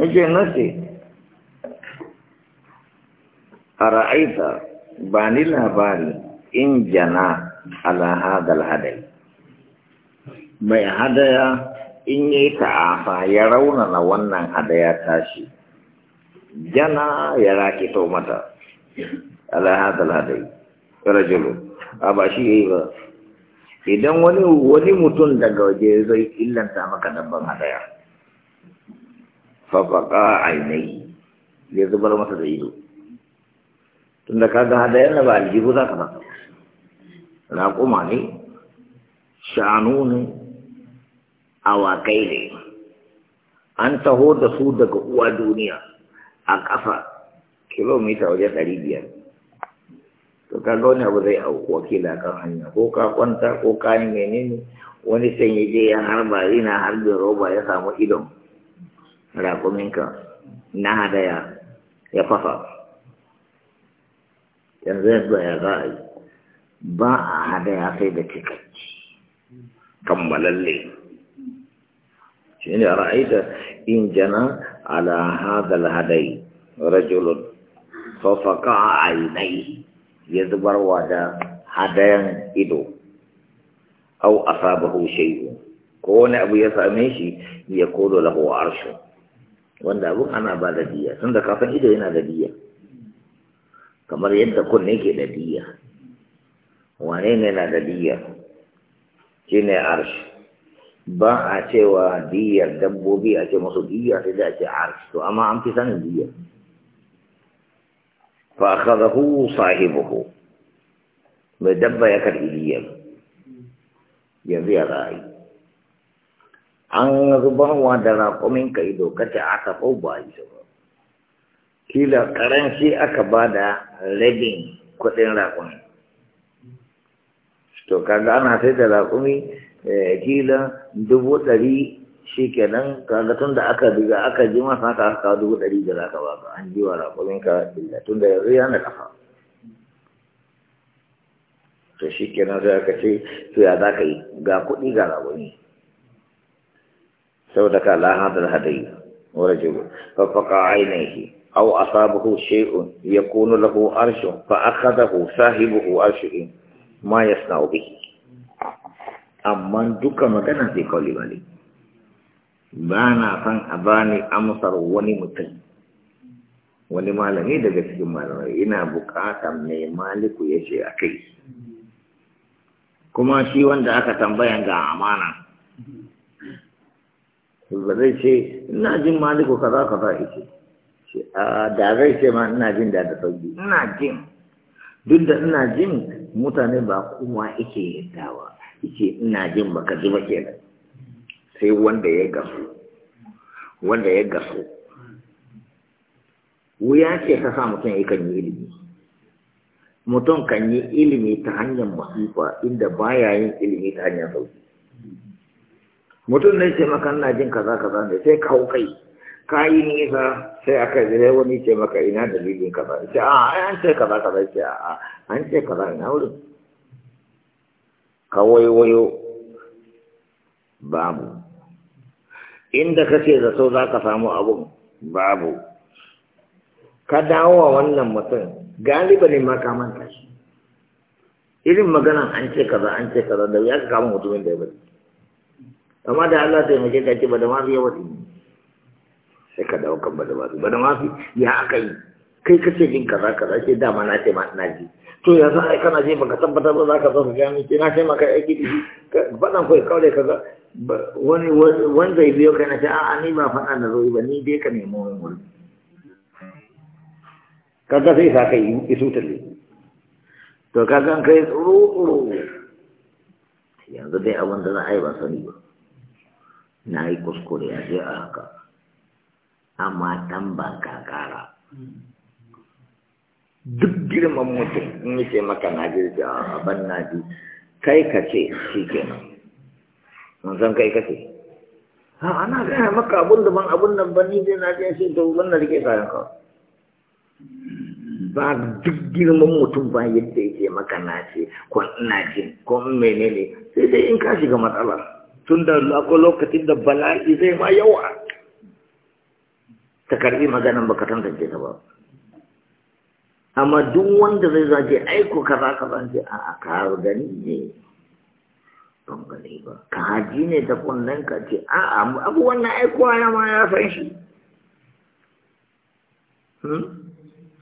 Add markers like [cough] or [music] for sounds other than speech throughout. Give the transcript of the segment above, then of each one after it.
yake nace a ra'aita ba ni in jana ala hadal hadai mai hadaya in yi ta'afa ya raunana wannan hadaya tashi jana ya to mata ala hadal hadai rajulu a ba shi yi ba idan wani mutum daga waje zai illanta maka dabban hadaya fafaka ainihi ya zubar masa da ido tunda ka ga hada yana ba aljihu za ka masa raƙuma ne shanu ne awakai ne an taho da su daga uwa duniya a ƙafa kilomita wajen ɗari biyar to ka ga wani abu zai a wakila kan hanya ko ka kwanta ko kayan menene wani sanyi ya harba yana harbin roba ya samu idon راكو منك نهدا يا يا فافا يا زيد يا غاي با هدا يا سيدك كمل لي شنو رايت ان جنى على هذا الهدي رجل ففقع عينيه يدبر ودا هدايا ايدو او اصابه شيء كون ابو يسامي يقول له عرشه wanda abun ana ba da diya tun da kafin ido yana da diya kamar yadda kunne ke da diya wane ne na da diya shi ne arshi ba a cewa diyar dabbobi a ce masu diya sai da a ce arshi to amma an fi sanin diya fa akhadahu sahibuhu mai dabba ya karbi diyar yanzu ya ra'ayi an zubarwa da raƙumin ka ido kace aka fau ba kila karanci aka ba da rabin kudin raƙumin to kaga ana sai da raƙumi eh, kila dubu ɗari shi kenan kaga tun da aka diga aka ji masa aka aka dubu ɗari da za ka ba ka an ji wa raƙumin ka illa tun da yanzu yana kafa. to shi kenan sai aka ce to ya za ka yi ga kuɗi ga raƙumi saboda ka la hada hadayi wa rajul fa faqa ainihi aw asabahu shay'un yakunu lahu arshu fa akhadahu sahibuhu arshu ma yasna'u bihi amma duka magana sai kawai balik ba na san a bani amsar wani mutum wani malami daga cikin malamai ina bukatar mai maliku ya ce a kai kuma shi wanda aka tambaya ga amana ba zai ce ina jin maliku kaza kaza a da zai ce ma ina jin da da sauki ina jin duk da ina jin mutane ba kuma yake yaddawa yake ina jin baka ji ba kenan sai wanda ya gasu wanda ya gasu wuya ce ta sa mutum yakan yi ilimi mutum kan yi ilimi ta hanyar masifa inda baya yin ilimi ta hanyar sauki mutum ne ce maka ina jin kaza kaza ne sai ka hau kai ka yi nisa sai aka zai wani ce maka ina dalilin kaza ce a an ce kaza kaza ce a an ce kaza ina wurin ka wayo babu inda ka ce zato za ka samu abun babu ka dawo wa wannan mutum galiba ne ma ka manta shi irin maganan an ce kaza an ce kaza da ya ka kama mutumin da ya bari amma da Allah sai mace ka ce ba da mafi yawa ne sai ka dawo kan ba da mafi ba da mafi ya aka yi kai ka ce jin kaza kaza ce dama na ce ma na ji to yanzu ai kana je baka tabbatar ba za ka zo ka gani ce na ce maka aiki da shi faɗan kawai kawai kaza wani wanda ya biyo kai na ce a'a ni ba faɗa na zo ba ni dai ka nemo wani wuri kaga sai sa kai isu talle to kaga kai tsoro tsoro yanzu dai abin da na a yi ba sani ba na yi kuskure a je a haka amma dan ba kakara duk girman mutum in yi ce maka na jirgi a ban na ji kai ka ce shi kenan mun san kai ka ce ha ana gaya maka abun da ban abun nan ban ni dai na je shi to wannan rike kayan ka ba duk girman mutum ba yadda yake maka na ce ko ina jin ko menene sai dai in ka shiga matsalar Tunda akwai lokacin da bala'i zai ma yawa ta karbi maganan baka tantance ta ba amma duk wanda zai zaje aiko kaza kaza ce a a ka gani ne don gani ba ka haji ne ta kunnen ka ce a a abu wannan aiko ya ma ya san shi hmm?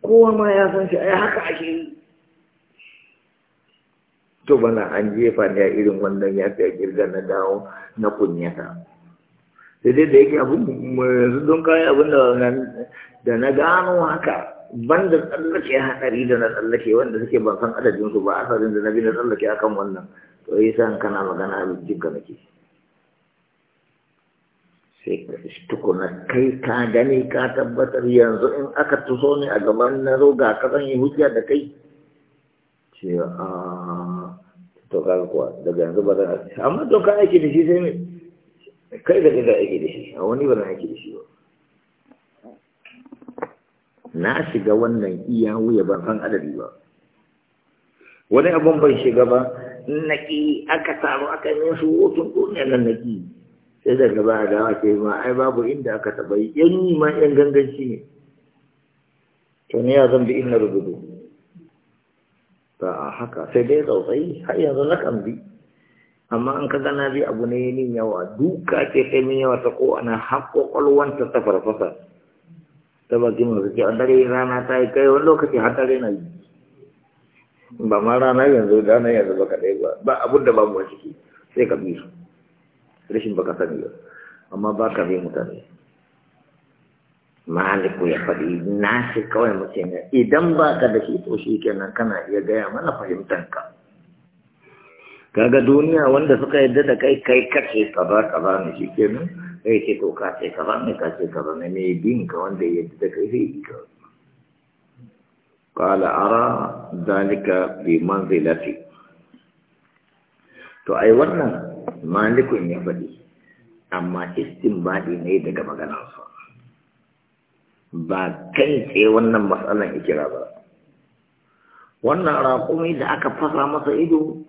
kowa ma ya san shi ai haka ake yi to bana an jefa ne a irin wannan ya fi girgar na dawo na kunyata sai dai da yake abin yanzu don kayan abin da na gano haka ban da tsallake haɗari da na tsallake wanda suke ban san adadinsu ba asalin da na bi na tsallake akan wannan to yi san kana magana a jinka nake sai tukuna kai ka gani ka tabbatar yanzu in aka tuso ne a gaban na zo ga kasan yi hujja da kai ce a ah, to ga kuwa daga yanzu ba zan aiki amma to ka aiki da shi sai ne kai da kai aiki da shi a wani ba zan aiki da shi ba na shiga wannan iya wuya ban san adadi ba wani abun ban shiga ba naki aka taru aka yi su hoton duniya nan naki sai daga ba a dawa ke ma ai babu inda aka taɓa yi yan ma yan ganganci ne to ne ya zan bi inna rubutu ba a haka sai dai tsautsayi har yanzu na kan bi amma an ka gana bi abu ne yin yawa duka ce sai min yawa ta ko ana hakko kwalwanta ta farfasa ta baki masu ce a dare rana ta yi kai wani lokaci har dare na yi ba ma rana yanzu na yanzu ba kaɗai ba ba abun da babu mu ciki sai ka bi su rashin baka sani ba amma ba ka bi mutane maliku ya faɗi shi kawai mutum ne idan ba ka da shi to shi kenan kana iya gaya mana fahimtanka kaga duniya wanda suka yadda da kai kai kace ka ba ne shi kenan kai ce to ka ce ba ne ka ce ba ne mai bin ka wanda ya yadda da kai sai ka qala ara zalika bi manzilati to ai wannan malikun ya faɗi amma istinbadi ne daga maganarsa ba kai tsaye wannan matsalan ikira ba wannan raƙumi da aka fasa masa ido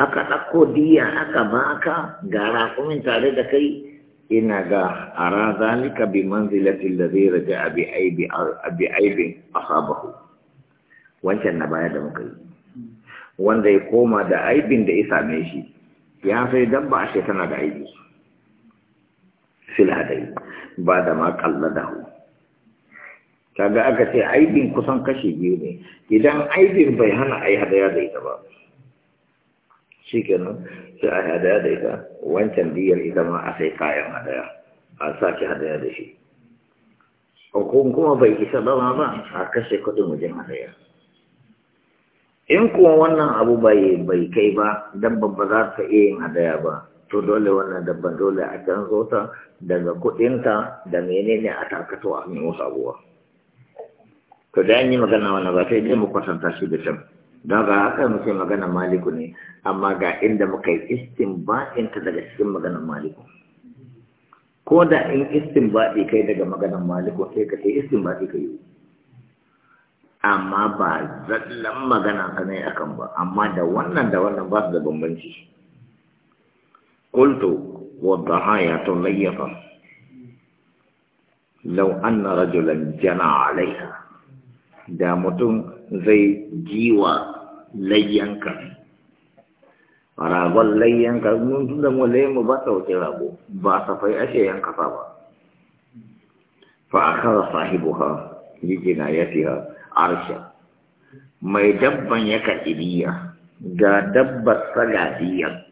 aka ɗauko diya aka baka ga raƙumin tare da kai ina ga ara zalika bi manzilatin da zai raja abi aibin asabahu wancan na baya da muka yi wanda ya koma da aibin da ya same shi ya sai dabba a tana da aibi Sila dai. ba da ma hu kaga aka ce aibin kusan kashi biyu ne idan aibin bai hana a yi hadaya da ita ba shi kenan sai a yi hadaya da ita wancan diyar ita ma a sai kayan hadaya a sake hadaya da shi hukun kuma bai isa ba ma ba a kashe kudin wajen hadaya in kuma wannan abu bai kai ba dabban ba za ta iya yin hadaya ba to dole wannan dabban dole a canzo ta daga kudinta da menene a takato a mai wasu abubuwa to da yi magana wannan ba sai dai mu kwatanta shi da can da ga haka muke magana maliku ne amma ga inda muka yi istinba'in ta daga cikin maganar maliku ko da in istinba'i kai daga maganar maliku sai ka sai istinba'i kai amma ba zallan magana ka ne akan ba amma da wannan da wannan ba su da bambanci qultu wa dhahaya tulayfa law anna rajulan jana da mutum zai jiwa layyanka ragon layyanka mun tun da mulayen mu ba ta wuce rago ba fai ashe yanka fa ba fa akara sahibuha yijina yatiha arsha mai dabban ya biya ga dabbar sagadiya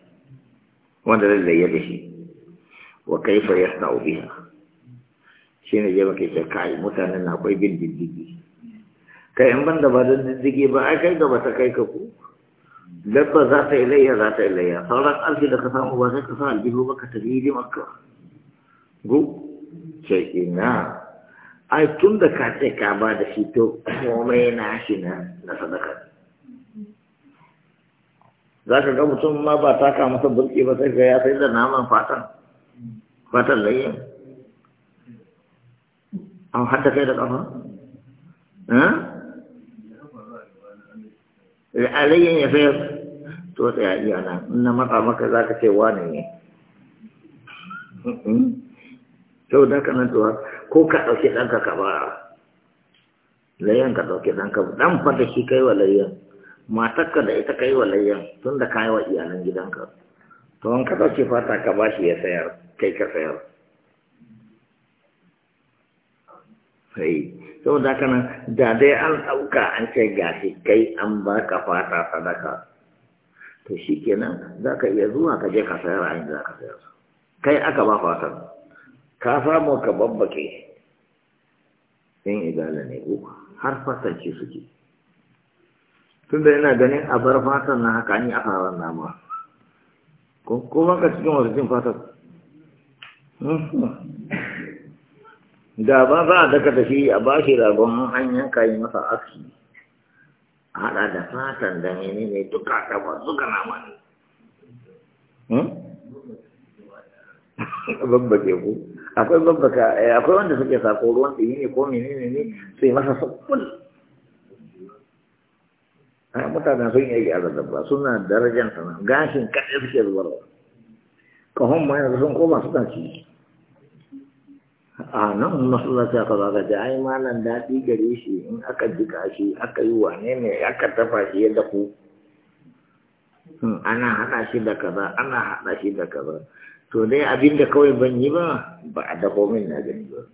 wanda zai zai da shi wa fa ya sa'u biha shi ne ya maka ce kai mutanen akwai bin diddigi Ka yan ban da ba don diddige ba ai kai gaba ta kai ka ku dabba za ta ilayya za ta ilayya sauran alfi da ka samu ba sai ka sa albihu ba ka tafi hidimar ka gu ce ina ai tun da ka ce ka ba da shi to komai na shi na sadaka za ka ga mutum ma ba ka masa burki ba sai ka ya sai da naman fatan fatan layyan an hada kai da kafa hm? alayyan ya sayar to a iya na na matsa maka za ka ce wane ne sau da ka nan tuwa ko ka ɗauki ɗanka ka ba layan ka ɗauki ɗanka ɗan fata shi kai wa layan matakka da ita kai wa layan tun da kayi wa iyalan gidanka to an ka ɗauki fata ka ba shi ya sayar kai ka sayar sai saboda haka nan da dai an ɗauka an ce gashi kai an ba ka fata sadaka to shi kenan za ka iya zuwa ka je ka sayar a inda za ka sayar kai aka ba fatan ka samu ka babbake in igala ne uku har fatan ce suke tun da yana ganin a bar fatan na haka yi a faran nama ko ba ka cikin wasu cin fatan hmm. da ba za a daka da shi a ba shi ragon hanyar kayi masa aski a haɗa da fatan da mene ne duka kama duka nama ne hmm? [laughs] babbake ku akwai babbaka eh, akwai wanda suke sako ruwan ɗini ne ko mene ne ne su yi masa sabbin a mutanen sun yi a dabba suna darajar sana gashin kaɗe suke zuwa kahon ma yanzu sun koma su kan ci a nan masallaci ka zaga da ai malam daɗi gare shi in aka jika shi aka yi wane ne aka dafa shi ya dafu hmm, ana haɗa shi da kaza ana haɗa shi da kaza to dai abin da kawai ban yi ba ba a dafo min na gani ba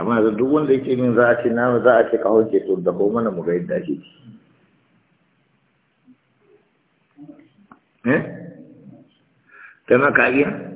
amma da duk wanda yake min za a ce na za a ce ka hauke to dafo mana mu ga yadda shi eh kana ka iya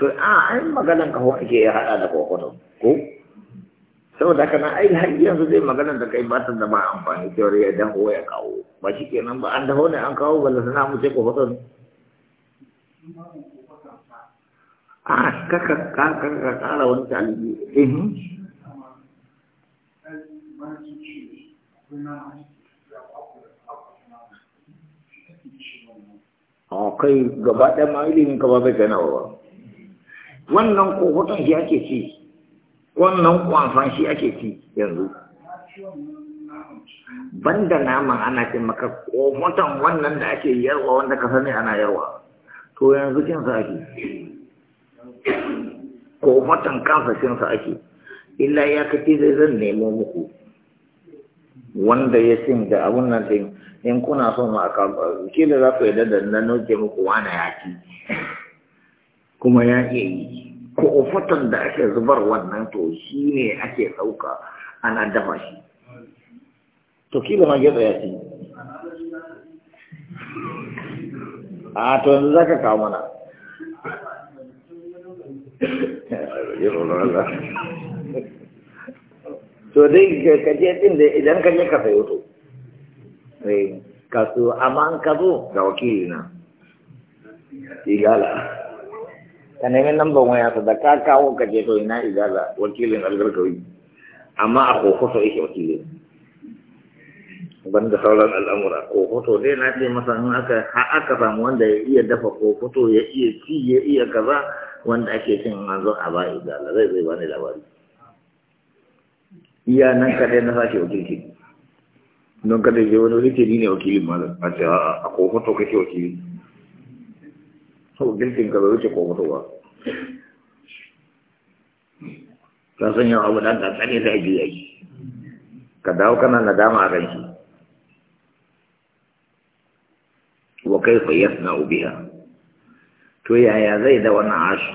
to a ai maganan kaho ake ya hada da kokoto ko saboda kana ai har yanzu zai maganan da kai batar da ba amfani cewar ya dan ya kawo ba shi kenan ba an daho ne an kawo balla sana mu ce kokoto ne a ka kaka ka kara wani talibi eh hmm. kai gaba ɗaya ma ilimin ka ba bai kai ba wannan kokoton shi ake ci wannan kwanfan shi ake ci yanzu banda naman ana ce maka kokoton wannan da ake yarwa wanda ka sani ana yarwa to yanzu sa ake kokoton kansa sa ake illa ya kace zai zan nemo muku wanda ya sin da abun nan din in kuna son ma ka da za ku yi da nan noke muku wani ya ci kuma ya iya yi ko ofotan da ake zubar wannan to shi ne ake ɗauka ana dafa shi to kila ma gyatsa ya ci a to yanzu za ka kawo mana to dai ka je din da idan ka je ka sayo to eh, ka so amma an ka zo ga wakili na igala ka nemi lambar waya ta da ka kawo ka je to ina igala wakilin algarkawi amma a kokoto yake wakilin banda sauran al'amura kokoto dai na ce masa in aka aka samu wanda ya iya dafa kokoto ya iya ci ya iya kaza wanda ake cin zo a ba igala zai zai bani labari iya nan dai na sake wakilci don kada je wani wakili ne wakilin malam a ce a kokoto kake wakilin. to girkin ka bai wuce ko mutu ba ka san yau abu dan ka tsare sai biya yi ka dawo kana nadama a ranki wa kaifa yasna'u biha to yaya zai da wannan ashi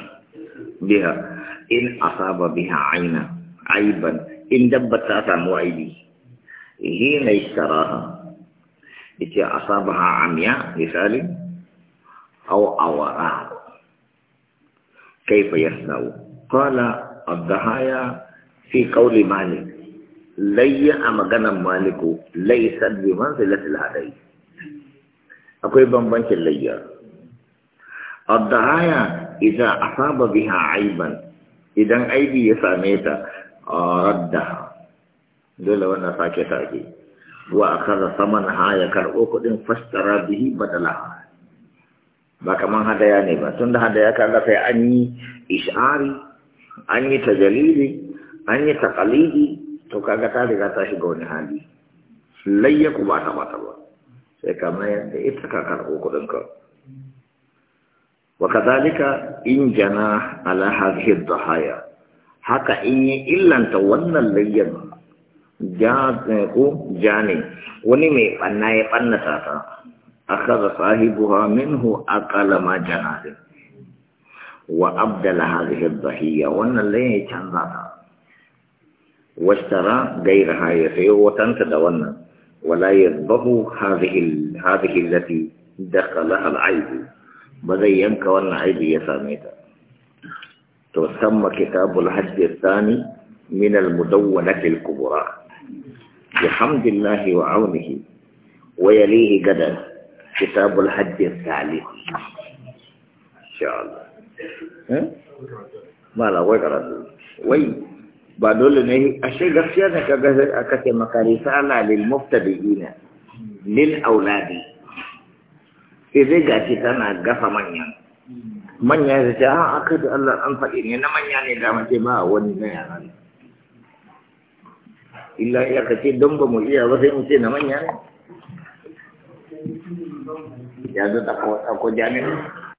biha in asaba biha aina aiban in dabba ta samu aibi hina ishtaraha ita asabaha amiya misali أو أوراء كيف يصنع قال الضحايا في قول مالك لي أمغنى مالك ليس بمنزلة الهدي أقول بمبنش لي الضحايا إذا أصاب بها عيبا إذا عيبي يساميتا ردها دول وانا ساكتاكي وأخذ ثمنها يكرؤك إن فاشترى به بدلها ba kaman hadaya ne ba tunda hadaya kaga sai an yi ish'ari an yi tajalili an yi taqalidi to kaga ta riga ta shiga wani hali layya ku ba ta mata ba sai ka mayar da ita ka karɓo kuɗin ka wa kadhalika in jana ala hadhihi dhahaya haka in yi illanta wannan layyan ja eh, ko jani wani mai banna ya ɓannata ta أخذ صاحبها منه أقل ما جنازه وأبدل هذه الضحية وأن اللي تنظرها واشترى غيرها يسير وتنتدون وأن ولا يذبه هذه ال... هذه التي دخلها العيب بدأ ينك وأن عيب يساميتها تسمى كتاب الحج الثاني من المدونة الكبرى بحمد الله وعونه ويليه قدر كتاب الحج الثالث إن شاء الله ما لا وقرأ وي بدل نه أشي غشيا نكذا أكثر مكاريس على للمبتدئين للأولاد إذا جاتي تنا غفا مانيا منيا إذا آه، أكد الله أنفق إني نمنيا نجامة ما تي ما وني يعني إلا يا يكتي دم بمجيء وسيم سينا منيا yanzu da ko jami'a